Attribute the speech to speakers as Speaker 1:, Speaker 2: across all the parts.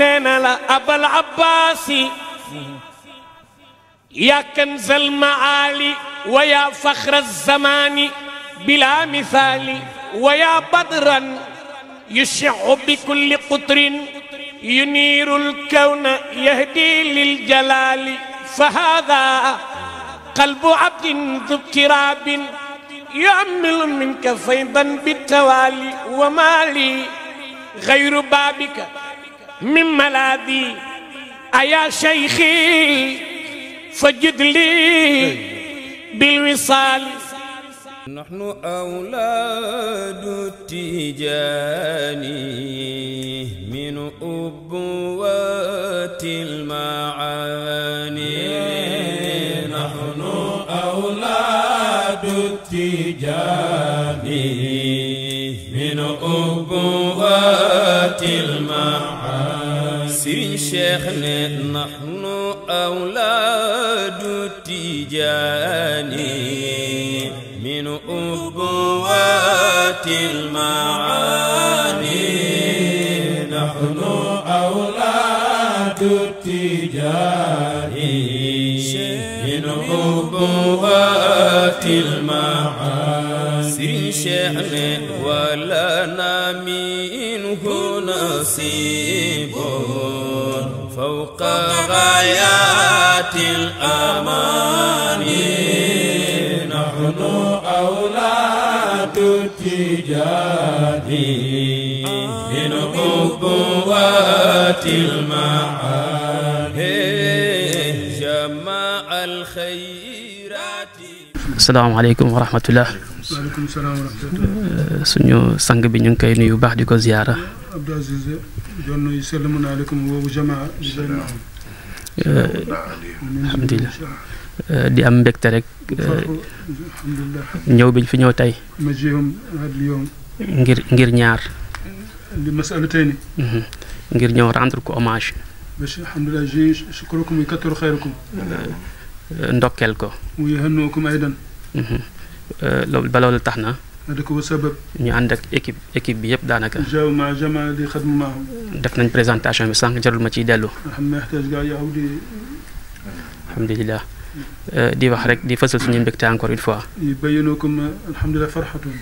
Speaker 1: نينا أبا العباسي يا كنز المعالي ويا فخر الزمان بلا مثال ويا بدرا يشع بكل قطر ينير الكون يهدي للجلال فهذا قلب عبد ذو اضطراب يعمل منك فيضا بالتوالي وما لي غير بابك من ملاذي أيا شيخي
Speaker 2: فجد لي بالوصال نحن
Speaker 1: أولاد التجاني من أبوات المعاني نحن أولاد التجاني سرين شيخنا نحن أولاد تجاني من أبوات المعاني نحن أولاد تجاني من أبوات المعاني سرين ولا ولنا منه نصيب فوق غايات الأمان نحن أولاد التجاد من قوات المعاني جمع الخيرات السلام عليكم ورحمة الله وعليكم
Speaker 3: السلام ورحمة الله
Speaker 1: سنو سانغ بي نيو كاي نيو زياره
Speaker 3: عبد العزيز لانه يسلمون عليكم هو وجماعه الحمد لله آه، دي ام آه، الحمد لله نيو هذا اليوم غير غير ñaar دي مسالتين
Speaker 1: غير نيو راندر
Speaker 3: الحمد لله جي شكركم خيركم
Speaker 1: آه، ندوكل
Speaker 3: ويهنوكم ايضا
Speaker 1: لو بلول تحنا هذاك هو السبب ني عندك ايكيب ايكيب بي يب دانكا
Speaker 3: جاو مع جماعة اللي خدموا معهم درت نان
Speaker 1: بريزونتاسيون بس سانك جرو ما تي دالو
Speaker 3: ما يحتاج كاع
Speaker 1: الحمد لله دي واحد دي فصل سنين بكتا انكور اون فوا
Speaker 3: يبينوكم الحمد لله فرحتهم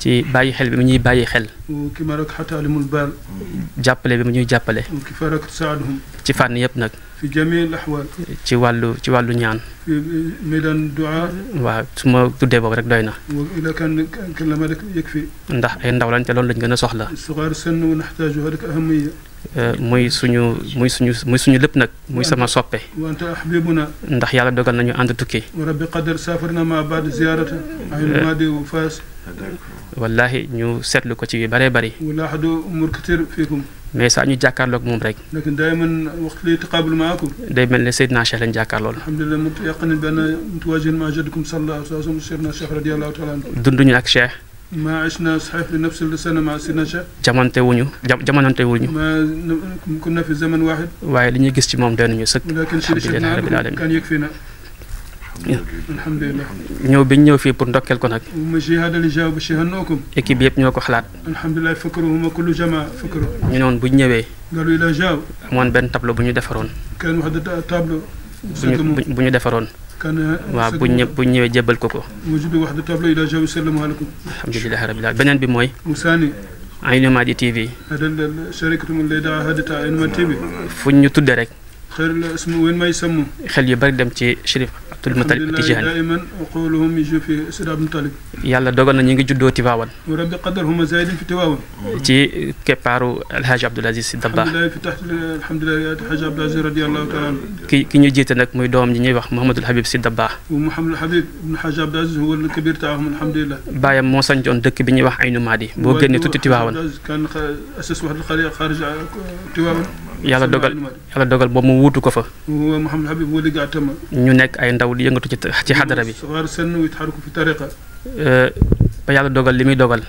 Speaker 1: ci bàyyi xel bi mu ñuy bàyyi xel. kimarak xataa limul baal. jàppale bi mu ñuy jàppale.
Speaker 3: kifarak saaduhum.
Speaker 1: ci fànn yëpp nag. fi
Speaker 3: jamii al axwaal.
Speaker 1: ci wàllu ci wàllu ñaan.
Speaker 3: fi midan duaa. waaw
Speaker 1: su ma tuddee boobu rek doy na.
Speaker 3: ila kan kan la ma rek yëg fi.
Speaker 1: ndax ay ndaw lañ te loolu lañ gën a soxla.
Speaker 3: suxaar sënn wa naxtaaju rek ahamiya.
Speaker 1: muy suñu muy suñu muy suñu lépp nag muy sama soppe.
Speaker 3: wante ahbibuna.
Speaker 1: ndax yàlla dogal nañu ànd tukki.
Speaker 3: rabbi qadar saafar na ma baad ziyaarata. ayil maadi wa faas.
Speaker 1: wallahi ñu seetlu ko ci yu bare bari
Speaker 3: walahadu umur katir fikum
Speaker 1: mais saa ñu jàkkaarloog moom rek
Speaker 3: lakin daiman waxtu lay taqabul maakum
Speaker 1: day mel ne Seydina Cheikh lañ jàkkaarlool
Speaker 3: alhamdulillah mut yaqin bana mutawajjih ma jaddukum sallallahu alayhi wa sallam Seydina Cheikh radiyallahu ta'ala anhu dunduñu ak Cheikh ما عشنا صحيح بنفس السنة مع سيدنا شيخ
Speaker 1: جمانتي ونيو جمانتي ونيو ما
Speaker 3: كنا في زمن واحد
Speaker 1: واي لي نيغيس سي موم دانا نيو سك ولكن شيخنا كان
Speaker 3: يكفينا alhamdulilah
Speaker 1: ñëw bi ñu ñëw fii pour ndokkeel ko nag équipe yëpp ñoo ko xalaat
Speaker 3: alhamdulilah fakruhuma kullu
Speaker 1: ñu noon bu ñu ñëwee galu ila jaw amoon benn tableau bu ñu defaroon
Speaker 3: kan wax da tableau bu
Speaker 1: ñu defaroon waaw bu ñu bu ñëwee jébbal ko ko
Speaker 3: wujud wax da tableau ila jaw salaamu alaykum
Speaker 1: alhamdulilah rabbil alamin beneen bi mooy musaani Aïnou Mady TV fu ñu tuddee rek xel yi bari dem ci Chérif tul Mutalib Tijaan yàlla dogal na ñu ngi juddoo Tiwaawan ci keppaaru Alhaji Abdoul Aziz Si Dabakh ki ki ñu jiite nag muy doom ji ñuy wax Mouhamadul Habib Si Dabakh baayam moo sancoon dëkk bi ñuy wax Aynu Maadi boo génnee tuuti Tiwaawan yàlla dogal yàlla dogal boobu mu wuutu ko fa
Speaker 3: ñu
Speaker 1: nekk ay ndaw daw di yëngatu ci ci xadara bi euh, ba yàlla dogal li muy dogal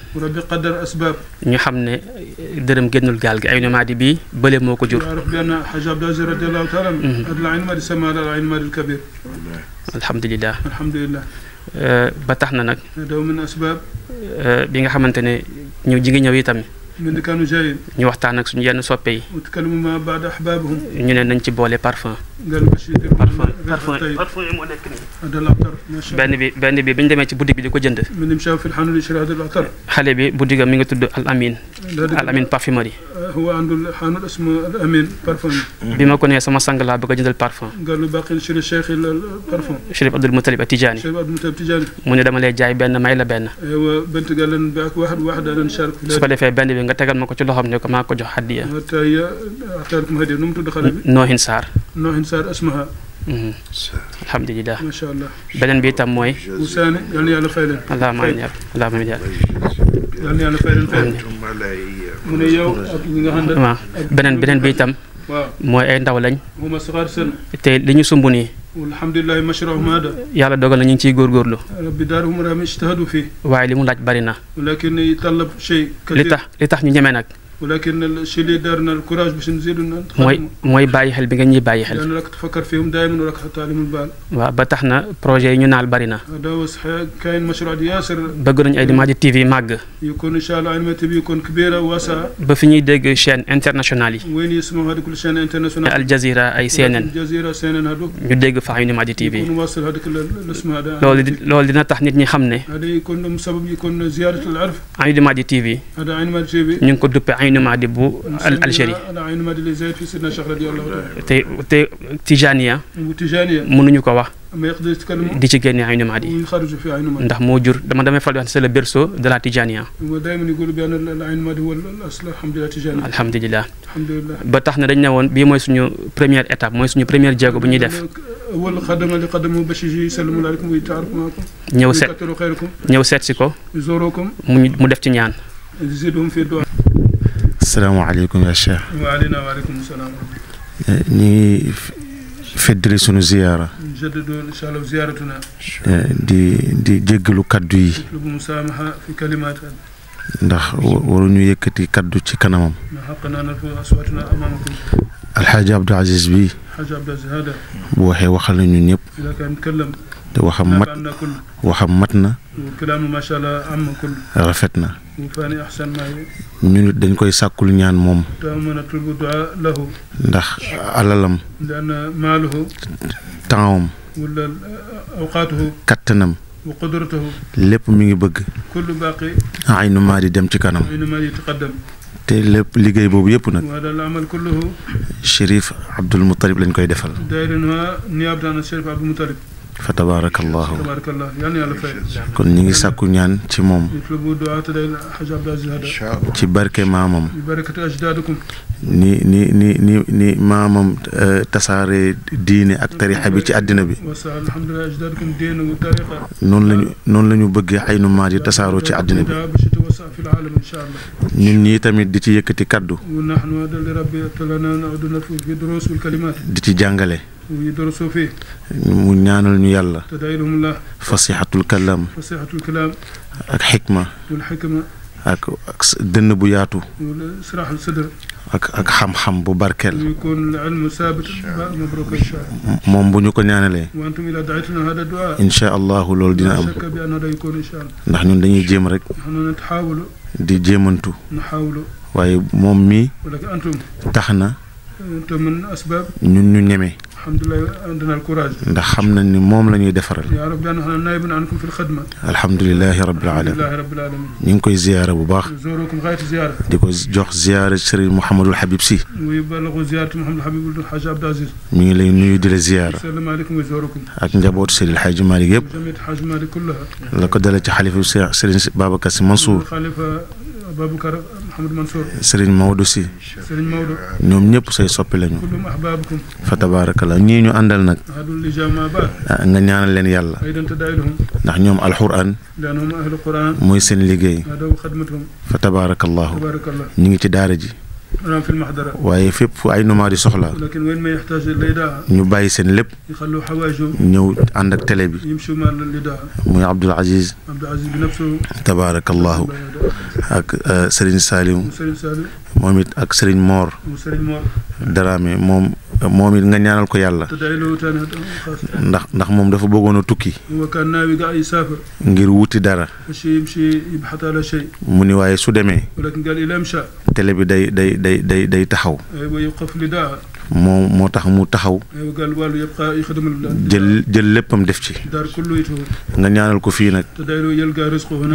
Speaker 1: ñu xam ne euh, dërëm génnul gaal gi ay nu maadi bii bële moo ko jur mhm. alhamdulilah euh, ba tax na nag bi nga xamante ne ñëw ji ngi ñëw itam ñu waxtaan ak suñu yenn soppe yi ñu ne nañ ci boole parfum nga benn bi benn bi bi ñu demee ci boutique bi di ko jënd. xale bi boutique am mi ngi tudd Al Amin. Al Amin parfumerie. bi ma ko nee sama sang laa bëgg a jëndal parfum. Chérif Abdoul Moutalib Atijani. mu ne dama lay jaay benn may la benn. su ko defee benn bi nga tegal ma ko ci loxoom ne ko maa ko jox hadiya.
Speaker 3: Noohin Sarr. وسار اسمها
Speaker 1: الحمد لله ما شاء الله beneen bi itam mooy. Usaane
Speaker 3: yal na yàlla fay leen. allahumma amiin yàlla allahumma amiin yàlla. yal na yàlla fay leen fay. mu ne yow ak ñi nga xam ne. waaw
Speaker 1: beneen beneen bi itam. waaw mooy ay ndaw lañ. moom saxaar seen. te li ñu sumb nii.
Speaker 3: alhamdulilah mashrahum hada.
Speaker 1: yàlla dogal na ñu ngi ciy góorgóorlu.
Speaker 3: rabbi daaruhum raam ijtahadu fii.
Speaker 1: waaye li mu laaj bari na.
Speaker 3: lakin talab shay. li tax li tax ñu ñeme nag. ولكن الشيء اللي دارنا الكوراج باش نزيدوا موي
Speaker 1: موي باي حل بيغا ني باي حل لان
Speaker 3: راك تفكر فيهم دائما وراك حط عليهم البال
Speaker 1: بتحنا بروجي ني نال برينا
Speaker 3: هذا هو صحيح كاين مشروع ياسر بغر ني اي ماجي
Speaker 1: تي في ماغ
Speaker 3: يكون ان شاء الله ان تي في يكون كبيره واسعه
Speaker 1: بفني ديغ شين انترناسيونالي وين يسمعوا هذوك الشين انترناسيونال الجزيره اي سي ان ان
Speaker 3: الجزيره سي ان ان هذوك ني ديغ ني ماجي تي في نواصل هذاك الاسم هذا لول لول
Speaker 1: دينا تاح نيت ني خمني
Speaker 3: هذا يكون مسبب يكون زياره العرف
Speaker 1: عين ماجي تي في هذا عين ماجي تي في نكون دوبي aynu madibu Algérie te te Tijaniya. mënuñu ko wax. di ci génne aynu madi
Speaker 3: ndax
Speaker 1: moo jur dama damay fal di wax c'est le berceau de la Tijaniya.
Speaker 3: alhamdulilah.
Speaker 1: ba tax na dañ ne woon bii mooy suñu première étape mooy suñu première jéego bu ñuy def. ñëw seet ñëw seet si ko. mu def ci ñaan. السلام عليكم يا شيخ
Speaker 3: وعلينا وعليكم السلام
Speaker 4: ني يعني في سونو زياره
Speaker 3: نجدد ان شاء الله زيارتنا
Speaker 4: يعني دي دي جيغلو كادو يي
Speaker 3: مسامحه في كلمات
Speaker 4: ندخ ورو ني ييكتي كادو سي كانامم
Speaker 3: حقنا اصواتنا امامكم
Speaker 4: الحاج عبد العزيز بي
Speaker 3: الحاج عبد العزيز هذا
Speaker 4: بوحي وخلنا نيب
Speaker 3: اذا نتكلم te waxam mat
Speaker 4: waxam mat na rafet na ñu nit dañ koy sàkkul ñaan moom
Speaker 3: ndax alalam
Speaker 4: tempsam kattanam lépp mi ngi bëgg ay nu maa di dem ci kanam te lépp liggéey boobu yëpp nag Chérif Abdoul Moutalib lañ koy defal fa tabaarakallaahu kon ñi ngi sàkku ñaan ci moom ci barke maamam ni ni ni maamam eh, tasaare diine ak tarixa bi ci àddina bi noonu lañu noonu la bëggee ay nu maat tasaaroo ci àddina bi ñun ñii tamit di ci yëkkati kàddu di ci jàngale
Speaker 3: ويدرسوا فيه
Speaker 4: منان يلا
Speaker 3: تدعي لهم الله
Speaker 4: فصيحة الكلام
Speaker 3: فصيحة الكلام الحكمة حكمة والحكمة
Speaker 4: أك أك دن بياتو
Speaker 3: والإصلاح الصدر
Speaker 4: أك أك حم حم ببركل
Speaker 3: ويكون العلم ثابت مبروك إن شاء
Speaker 4: الله مم بنيو كنيانة لي
Speaker 3: وأنتم الى دعيتنا هذا الدعاء إن شاء الله لول دينا أبو شك بأن هذا يكون إن شاء الله
Speaker 4: نحن ندني جيم رك
Speaker 3: نحن نتحاول
Speaker 4: دي جيمنتو نحاول واي مم مي
Speaker 3: ولكن أنتم تحنا أنتم من أسباب
Speaker 4: نن نمي
Speaker 3: alhamdulilah عندنا الكوراج ndax
Speaker 4: xam nañ ni moom la ñuy defaral
Speaker 3: ya rabbi ana naibun ankum fil khidma alhamdulilah rabbil alamin
Speaker 4: ñu ngi koy ziyaara bu baax
Speaker 3: zorokum khayt ziyaara
Speaker 4: di ko jox ziyaara Serigne Mouhamadou Habib Sy
Speaker 3: muy balagu ziyaaratu Mouhamadou Habibul Hajj Abdou Aziz
Speaker 4: mi ngi lay nuyu di la ziyaara assalamu
Speaker 3: alaykum wa zorokum
Speaker 4: ak njabootu Serigne Hadji Malick yëpp
Speaker 3: Hadji Malick kullaha
Speaker 4: la ko dale ci xalifa Serigne Babacar Sy Mansour
Speaker 3: xalifa Babacar sëriñ Maodo si ñoom ñëpp say soppi lañu
Speaker 4: fa tabaarakallaa ñii ñu àndal nag ah, nga ñaanal leen yàlla ndax ñoom alxuraan
Speaker 3: mooy seen liggéey
Speaker 4: fa tabaarakallaahu ñi ngi ci daara ji.
Speaker 3: راهم نعم، في المحضرة
Speaker 4: واي في اي نمار سخلا
Speaker 3: لكن وين ما يحتاج الإداعة
Speaker 4: نيو باي سين لب
Speaker 3: يخلو حواجو نيو عندك تلبي يمشو مع الإداعة
Speaker 4: مي عبد العزيز
Speaker 3: عبد العزيز بنفسه
Speaker 4: تبارك الله هاك سرين سالم سرين سالم moom it ak Serigne Mor. Daraame moom moom it nga ñaanal ko yàlla. ndax ndax moom dafa bëggoon a tukki. ngir wuti dara. mu ni waaye su demee. télé bi day day day day day taxaw. moo moo tax mu taxaw jël jël léppam def ci nga ñaanal ko fii nag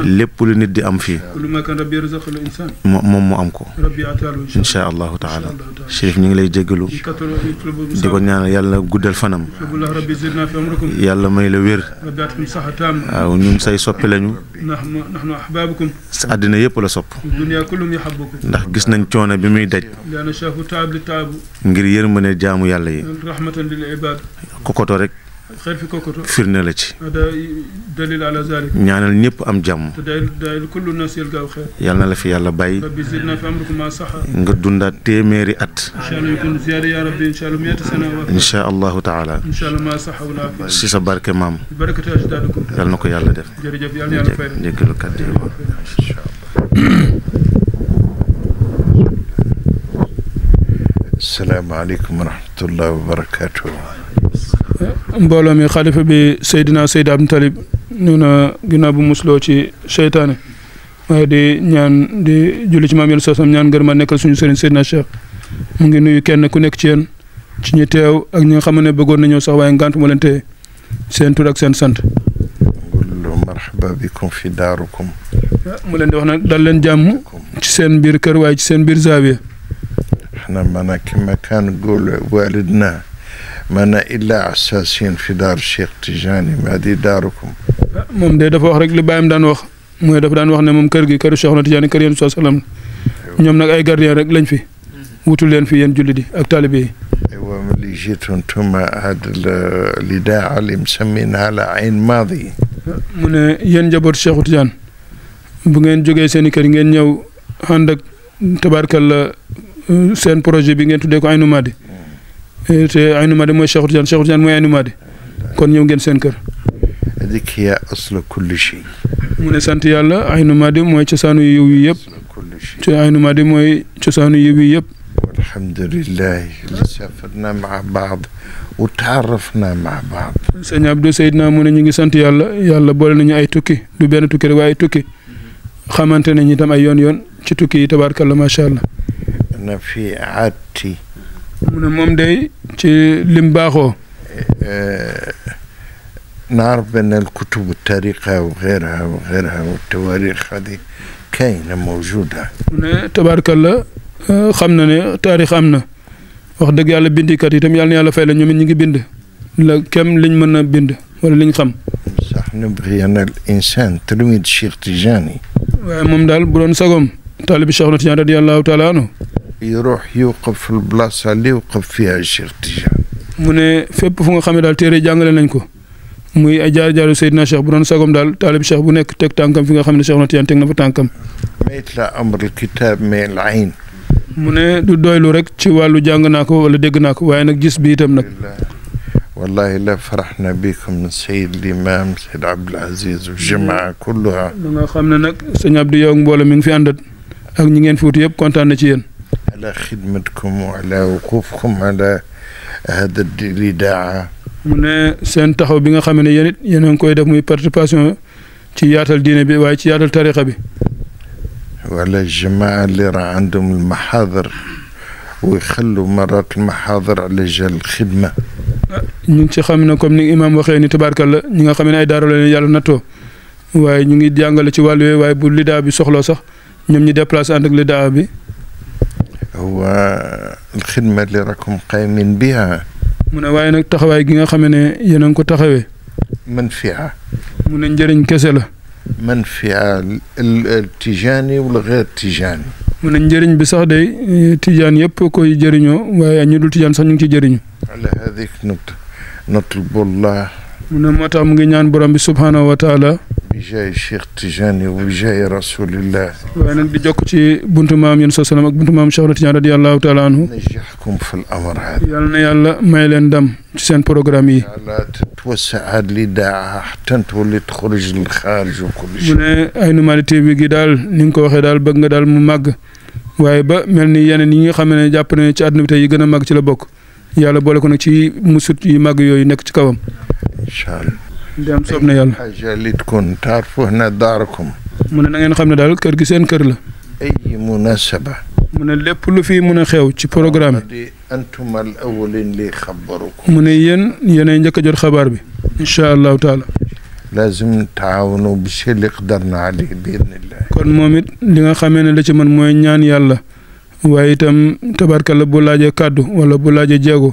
Speaker 4: lépp lu nit di am fii moom mu am ko insha allahu taala chérif ñu ngi lay jéggalu di ko ñaanal yàlla guddal fanam
Speaker 3: yàlla may la wér waaw ñun say soppi lañu sa àddina yëpp la sopp ndax
Speaker 4: gis nañ coono bi muy daj ngir yërmande jaamu yàlla yi. rahmatan kokoto rek.
Speaker 3: xeer fi la ci. dalil ala zalik.
Speaker 4: ñaanal ñëpp am jàmm.
Speaker 3: yal na la fi yàlla bàyyi.
Speaker 4: nga dundaat téeméeri at. incha allahu taala. si sa barke maam. yal ko yàlla def.
Speaker 5: salaamaaleykum wa rahmatulah wa barakaatu.
Speaker 3: mbooloo mi xalifa bi Seydina Seyd Abdou Talib ñu na ginnaaw musloo ci seytaane waaye di ñaan di julli ci maam yàlla sasam ñaan ngër ma nekkal suñu sëriñ Seydina mu ngi nuyu kenn ku nekk ci yéen ci ñi teew ak ñi nga xam ne bëggoon nañoo sax waaye ngant moo leen téye seen tur ak seen sant.
Speaker 5: marhaba bikum fi daarukum
Speaker 3: mu leen di wax nag dal leen jàmm ci seen biir kër waaye ci seen biir zaawiya احنا
Speaker 5: مانا كما كان نقول والدنا مانا الا عساسين في دار الشيخ تيجاني ما دي داركم
Speaker 3: موم دي دافو واخ رك لي بايم دان واخ موي داف دان واخ ني موم كيرغي جي كير شيخنا تيجاني كير يونس صلى ñom nak ay gardien rek lañ fi wutul len fi yeen اك ak talibé
Speaker 5: وملي جيتوا انتم هذا الاذاعه اللي مسمينها على عين ماضي
Speaker 3: من ين جابور شيخ تيجان bu ngeen jógee seen i kër ngeen ñëw ànd ak Euh, seen projet bi ngeen tuddee ko Aynou Mady euh, te Aynou Mady mooy Cheikh Tidiane Cheikh Tidiane mooy Aynou Mady kon ñëw ngeen seen kër.
Speaker 5: dik ya asla kulli shay.
Speaker 3: mu ne sant yàlla Aynou Mady mooy cosaanu yiw yi yëpp te Aynou Mady mooy cosaanu yiw yi yëpp.
Speaker 5: alhamdulillah li safarna maa baad wa taarafna maa
Speaker 3: baad. mu ne ñu ngi sant yàlla yàlla boole nañu ay tukki du benn tukki rek waaye ay tukki xamante nañu itam ay yoon yoon ci tukki yi tabaarkalla allah.
Speaker 5: nafiati
Speaker 3: mu ne moom day ci lim baaxoo
Speaker 5: نعرف أن الكتب التاريخية وغيرها وغيرها والتواريخ هذه كاينة موجودة
Speaker 3: تبارك الله خمنا ني تاريخ أمنا wax deug yalla bindi kat itam yalla yalla fay la ñoom ñi ngi bind la kem liñ mëna bind wala liñ xam sax
Speaker 5: nabghi an al insan tilmid cheikh tijani
Speaker 3: wa mom dal bu don sagom talib cheikh tijani radiyallahu ta'ala anhu يروح يوقف
Speaker 5: في البلاصه اللي وقف فيها الشيخ تيجان
Speaker 3: موني فيب فوغا خامي دال تيري جانغالي نانكو موي اجار جار سيدنا الشيخ برون ساغوم دال طالب الشيخ بو تك تانكام فيغا خامي الشيخ نتيان تك نفا تانكام ميت لا امر الكتاب مي العين موني دو دويلو ريك تي والو جانغ ولا دغناكو ناكو واي نك جيس بيتام نك
Speaker 5: والله لا فرحنا بكم سيد الامام سيد عبد العزيز والجماعه كلها
Speaker 3: ما نك سيدنا عبد يوغ مبولا مي في اندات اك ني نين فوت ييب كونتان نتي على خدمتكم
Speaker 5: وعلى وقوفكم على هذا الإذاعة
Speaker 3: من سين تخو بيغا خامني يانيت يانن كوي داف موي بارتيسيپاسيون تي ياتال دين بي واي تي ياتال تاريخا بي
Speaker 5: ولا الجماعة اللي راه عندهم المحاضر ويخلوا مرات المحاضر على جال الخدمة
Speaker 3: نين تي خامنا كوم ني امام واخي ني تبارك الله نيغا خامني اي دارو لين يالا ناتو واي نيغي ديانغال تي والوي واي بو ليدا بي سوخلو صاح نيم ني ديبلاس اندك ليدا بي
Speaker 5: هو الخدمه اللي راكم قايمين بها
Speaker 3: من وين التخوي كيغا خامني ينانكو تخوي
Speaker 5: منفعه من نجرن كسله منفعه التجاني والغير التجاني
Speaker 3: من نجرن بصح دي اه، تجان يب كوي جرينو واي ني دول تجان سان نتي
Speaker 5: على هذيك نقطه نطلب الله
Speaker 3: من متى مغي نان برامبي سبحانه وتعالى
Speaker 5: بجاي شيخ تجاني وبجاي رسول الله
Speaker 3: وانا دي جوكو تي مام ين صلى الله مام شيخ تجاني رضي الله تعالى عنه
Speaker 5: نجحكم في الامر
Speaker 3: هذا يالنا يالا ماي لين دام سي لا
Speaker 5: توسع هاد لي حتى تولي تخرج للخارج وكل شيء من
Speaker 3: اي نو مال تي في دال نينكو وخي دال بغا دال مو ماغ واي با ملني يانن نيغي خامني جابني تي بوك يالا بولكو نك مسوت يي ماغ يوي
Speaker 5: ان شاء الله حاجه اللي تكون تعرفوا هنا داركم
Speaker 3: من انا خمنا دار الكر كي
Speaker 5: اي مناسبه
Speaker 3: من لب لو في من خيو شي بروغرام
Speaker 5: انتم الاولين اللي خبروكم
Speaker 3: من ين ين نجك جور خبر بي ان شاء الله تعالى لازم تعاونوا بشيء اللي قدرنا عليه باذن الله كون موميت ليغا خامينا لا سي من موي نيان يالا تبارك الله بولاجي كادو ولا بولاجي جيغو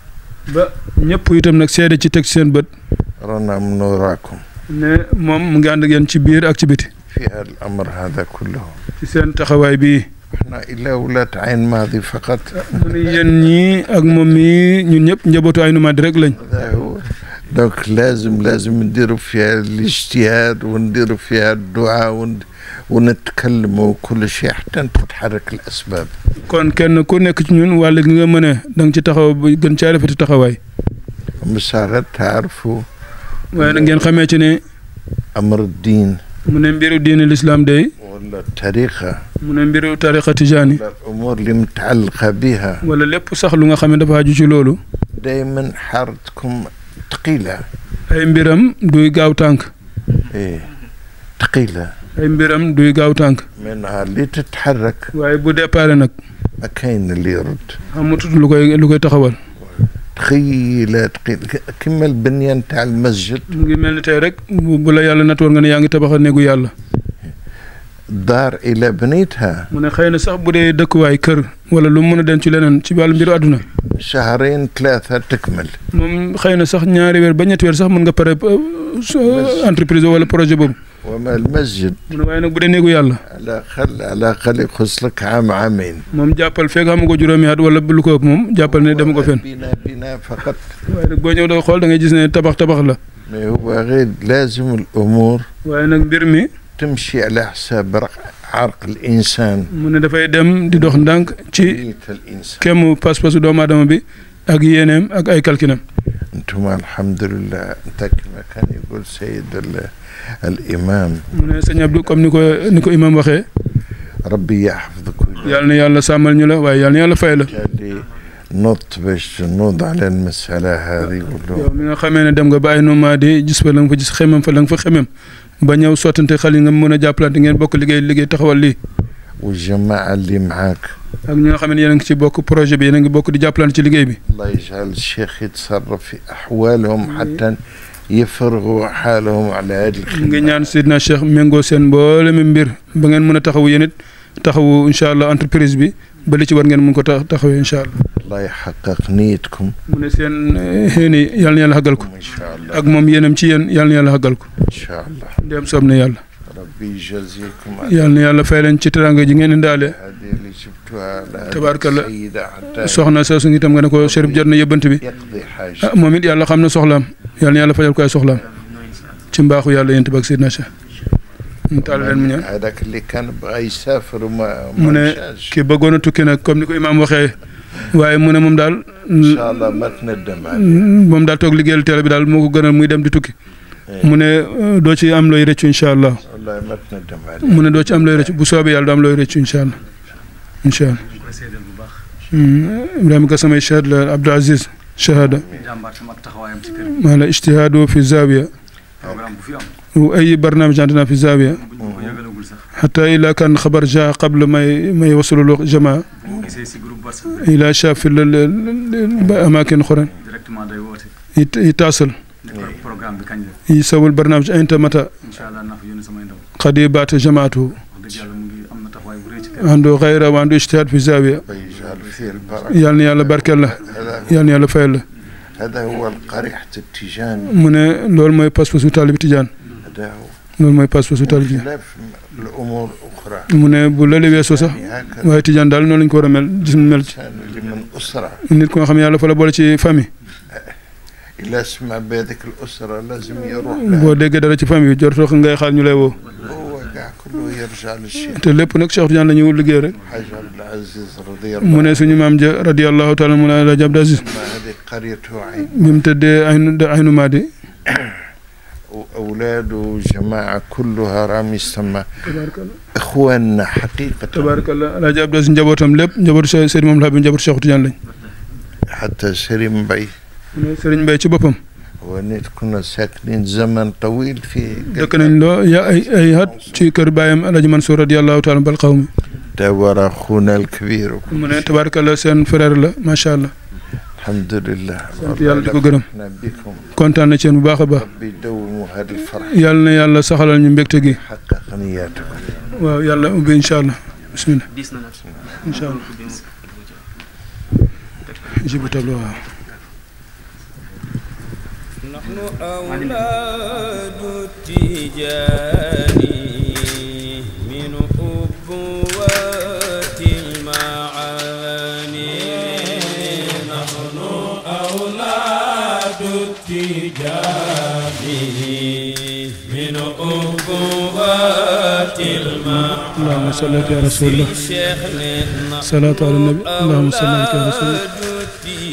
Speaker 3: ba ñëpp itam nag seede ci teg seen bët. ranaam
Speaker 5: nooraakum.
Speaker 3: ne moom mu ngi ànd ak yéen ci biir ak ci biti. fi al amr hada kullahu.
Speaker 5: ci seen taxawaay bii. xanaa illaa wulaat ayn maadi faqat. mu ni yéen ñii ak
Speaker 3: moom mii ñun ñëpp njabootu aynu maadi rek lañ.
Speaker 5: donc laazim laazim ndiru fiha al ijtihaad wa ndiru fiha duaa ونتكلم وكل شيء حتى تتحرك الاسباب
Speaker 3: كون كان كون نيك سي نون ولا ليغا مانا داغ سي تاخاو گن سي تاخاواي
Speaker 5: مسارات تعرفوا
Speaker 3: وانا نغن خامي ني
Speaker 5: امر الدين
Speaker 3: من امبيرو دين الاسلام دي ولا تاريخه من امبيرو طريقه تجاني الامور اللي متعلقه بها ولا لب صح لوغا خامي دا فاجو سي لولو دائما حارتكم ثقيله اي مبيرم دوي غاو تانك ايه ثقيله ay mbiram duy gaaw tànk. maintenant li tataxarrak. waaye bu départ nag. أكاين اللي يرد أموت لقي لقي
Speaker 5: تخول تخيل كم البنيان تاع المسجد
Speaker 3: كمل تارك بلا يالا نتور غني يانغي تبخ نيغو يالا
Speaker 5: دار الى بنيتها
Speaker 3: من خاينا صح بودي دك واي كر ولا لو من دنج لنن سي بال مبيرو ادنا
Speaker 5: شهرين ثلاثه تكمل
Speaker 3: مم خاينا صح نياري وير با نيت وير صح من غا بري انتربريز ولا بروجي بوب
Speaker 5: وما المسجد
Speaker 3: من وين غودني نيجو يلا
Speaker 5: على خل على خل يخص لك عام عامين
Speaker 3: مم جابل فيك هم غو جورومي هاد ولا بلو مم جابل جابال ني دم كو بنا بنا فقط وين غو نيو دو ده داغي جيس ني تبخ تبخ لا ما هو غير لازم الامور وين بيرمي تمشي على حساب رق عرق
Speaker 5: الانسان
Speaker 3: من دفع دم دي دوخ دانك تي كم باس باس دوم ادم بي اك ينم اك اي كالكينم
Speaker 5: انتم الحمد لله انت كما كان يقول سيد الله الإمام
Speaker 3: سيدنا عبدو كم نكو نكو إمام وخي ربي يعني يلا سامل نيلا يعني يلا
Speaker 5: نوت باش نوض على المسألة هذه كلها يوم
Speaker 3: من خمين دم قبائل نوما دي جس فلان فجس خمم فلان فخمم بني وسوات انت خلي نمونا جا بلانت بوك اللي جاي اللي جاي تخوال
Speaker 5: والجماعة اللي معاك
Speaker 3: أنا خمين يلا نكتب بوك بروجي بي نكتب بوك دي جا بلانت اللي جاي
Speaker 5: بي الله يجعل الشيخ يتصرف في أحوالهم حتى يفرغوا حالهم على هذا الخدمة
Speaker 3: سيدنا الشيخ مينغو سين بول منبر با نين مونا تاخو ينيت تاخو ان شاء الله انتربريز بي با لي تي وار نين ان شاء الله
Speaker 5: الله يحقق
Speaker 3: نيتكم مونا سين هيني يال نيال هاغالكو ان شاء الله اك موم ينم تي ين يال ان شاء الله ديم سومنا يال
Speaker 5: ربي يجزيكم يال نيال فاي لن تي ترانغا جي نين دالي
Speaker 3: تبارك الله سوخنا سوسو نيتام غنكو شرب جرنا يبنت بي مومن يالا yal na yàlla fajal ko ay soxlaam ci mbaaxu yàlla yéen ak Seydina Cheikh
Speaker 5: mu taal leen mu ñaan mu ne
Speaker 3: ki bëggoon a tukki nag comme ni ko imaam waxee waaye mu ne moom daal moom daal toog liggéeyal teel bi daal moo ko muy dem di tukki eh. mu ne euh, doo ci am looy rëccu incha allah
Speaker 5: mu ne doo ci am looy rëccu bu
Speaker 3: soobee yàlla doo am looy rëccu incha allah incha allah hmm, Ibrahima Gassama Cheikh la Abdou Aziz شهادة لا اجتهاده في زاوية وأي برنامج عندنا في زاوية حتى إلا كان خبر جاء قبل ما ما يوصلوا له جماعة إلا شاف في الأماكن أخرى يتصل يسوي البرنامج أنت متى قد يبعث جماعته عنده غيره وعنده اجتهاد في زاويه يعني على بارك الله يعني على فعل
Speaker 5: هذا هو قريحه التيجان من لول
Speaker 3: ما يباسبوس طالب تيجان. هذا هو لول ما يباسبوس طالب التيجان
Speaker 5: الامور اخرى من بولا لي ويسو صح واي تيجان دال نون كو رمل جسم مل من اسره نيت كون خم يالا
Speaker 3: فلا بولا سي فامي
Speaker 5: الا سمع بهذيك الاسره لازم يروح لها بو
Speaker 3: دغ دارا سي فامي جورتو خا غاي خال ني لay
Speaker 5: كله يرجع للشيء انت
Speaker 3: العزيز رضي الله من سني مام رضي الله تعالى مولا هذه قريته عين ميم تدي عين
Speaker 5: اولاد وجماعه كلها رامي السماء تبارك الله اخواننا حقيقه
Speaker 3: تبارك الله لا جاب عزيز جابوتهم لب جابر سيري مام لا جابر شيخ جان
Speaker 5: حتى سيري مبي سيري مبي تي بوبم ونيت كنا ساكنين زمن طويل في لكن لو يا اي
Speaker 3: اي هات تشكر بايم الحاج منصور رضي الله تعالى بالقوم دور اخونا الكبير من تبارك الله سن فرر لا ما شاء الله الحمد لله يلا ديكو غرم كونتان نتي بو باخا با يلا يلا سخال ني مبكتي واو يلا ان شاء الله بسم الله ان شاء الله جيبوا تابلو نحن أولاد التجاني
Speaker 1: من أبوة المعاني نحن أولاد التجاني من أبوة
Speaker 3: المعاني اللهم صل على رسول الله صلاة على النبي اللهم صل على رسول الله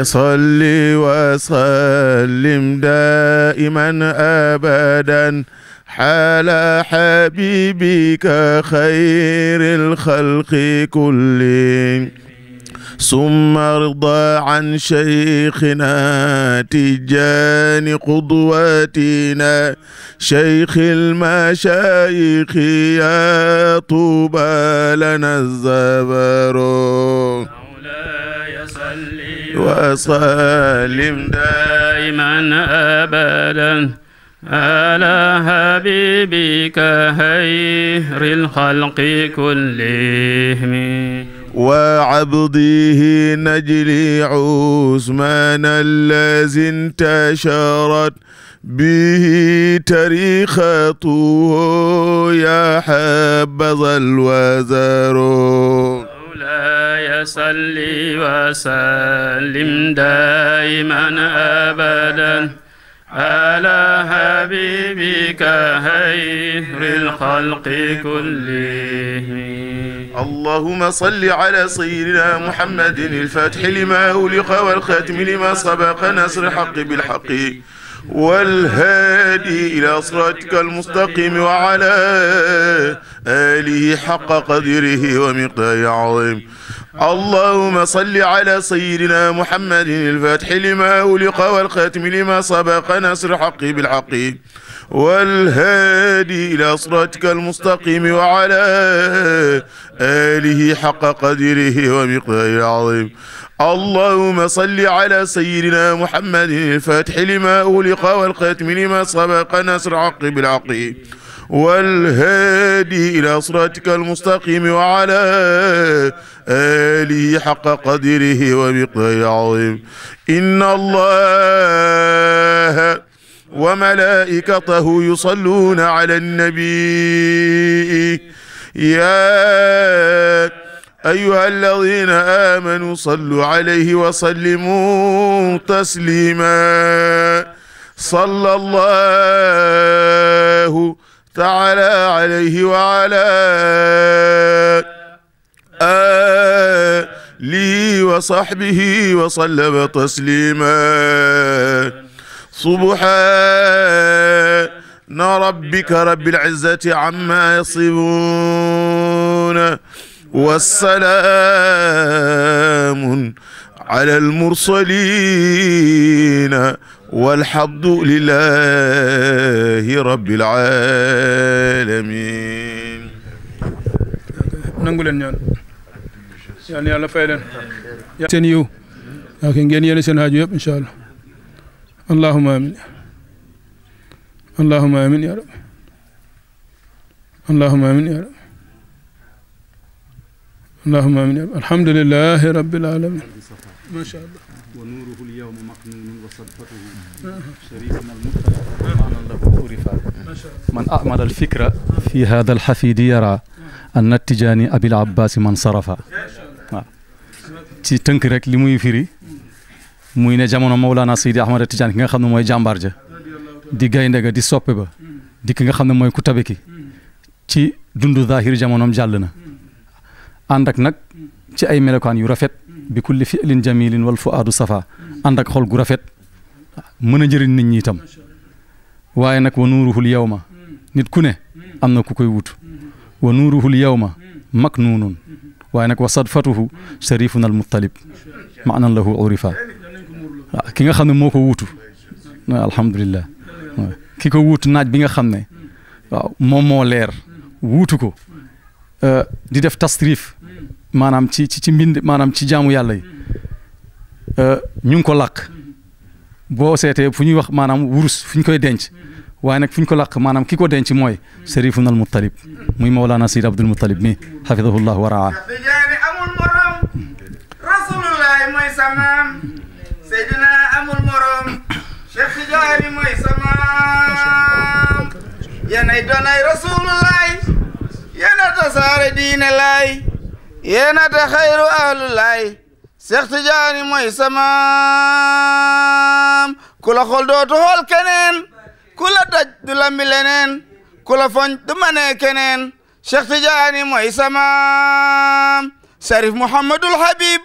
Speaker 6: صلي وسلم دائما أبدا حال حبيبك خير الخلق كلهم ثم ارضى عن شيخنا تجان قدوتنا شيخ المشايخ يا طوبى لنا الزبر وسلم دائما
Speaker 1: أبدا على حبيبك خير الخلق كلهم
Speaker 6: وعبده نجلي عثمان الذي انتشرت به تاريخته يا حبذا الوزر
Speaker 1: وصل وسلم دائما أبدا
Speaker 6: على حبيبك خير الخلق كلهم اللهم صل على سيدنا محمد الفاتح لما اولق والختم لما سبق نصر الحق بالحق والهادي إلى صراطك المستقيم وعلى آله حق قدره ومقداره عظيم اللهم صل على سيدنا محمد الفاتح لما أولق والخاتم لما سبق نصر الحق بالحق والهادي إلى صراطك المستقيم وعلى آله حق قدره ومقداره عظيم اللهم صل على سيدنا محمد الفاتح لما أغلق والختم لما سبق نصر عقب بالعقيب والهادي إلى صراطك المستقيم وعلى آله حق قدره ومقداره عظيم إن الله وملائكته يصلون على النبي يا ايها الذين امنوا صلوا عليه وسلموا تسليما صلى الله تعالى عليه وعلى آله وصحبه وسلم تسليما سبحان ربك رب العزة عما يصفون والسلام على المرسلين والحمد لله رب العالمين
Speaker 3: نقول نيان يعني يلا فعلا ان شاء الله اللهم امين اللهم امين يا رب اللهم امين يا رب اللهم امين الحمد لله رب العالمين
Speaker 7: ما شاء الله ونوره اليوم مقنون وصدقته شريفنا المختار سبحان الله من اعمل الفكرة في هذا الحفيد يرى ان التجاني ابي العباس من صرف تي تنك رك لي فيري موي نه جامونو مولانا سيدي احمد التجان كيغا خامن موي جامبارجا دي غاي نغا دي سوبي با دي كيغا خامن موي كو تي دوندو ظاهر جامونوم جالنا عندك نك شيء ملكان يرفت بكل فعل جميل والفؤاد صفا عندك خل غرفت منجر النيتم وينك ونوره اليوم نتكونه أنو كوكيوت ونوره اليوم مكنون وأنك وصدفته شريفنا المطلب معنى له عرفا كيغا خامن موكو ووتو الحمد لله كيكو ووت ناج بيغا خامن آه، مومو لير ووتوكو di def tasrif maanaam ci ci ci mbind maanaam ci jaamu yàlla yi euh, ñu ngi ko làkk boo seetee fu ñuy wax maanaam wurus fu ñu koy denc waaye nag fu ñu ko lakk maanaam ki ko denc mooy sharifun al muttalib muy mawlaana sayyid abdul muttalib mi xafidahullah wa raa
Speaker 2: Seydina amul morom Cheikh Tidiane mooy sama maam yéenay ينات سار دين الله ينات خير أهل الله سخت جاني موي سمام كل خل دوت هول كنن كل دج دلم لنن كل فن دمنا كنن سخت جاني موي سمام شريف محمد الحبيب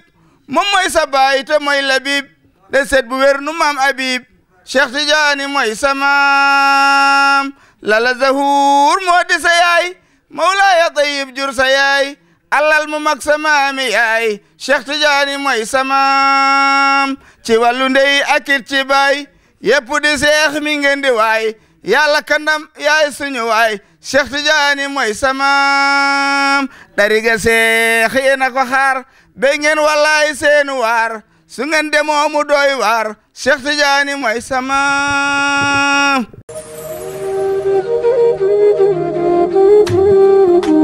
Speaker 2: مم موي سباي تم موي لبيب لسد بوير نمام أبيب شيخ تجاني موي سمام لا لا زهور مودي سياي mawlaaya tayyib jur sa yaay allal mu mag sa maami yaay Cheikh Tidiane mooy samaam ci wàllu ndey akit ci baay yépp di seex mi ngeen di waay yàlla kandam yaay suñu waay Cheikh Tidiane mooy samaam dariga seex yéena ko xaar be ngeen wallaay seenu waar su ngeen demoo mu doy waar Cheikh Tidiane mooy samaam Mm-hmm.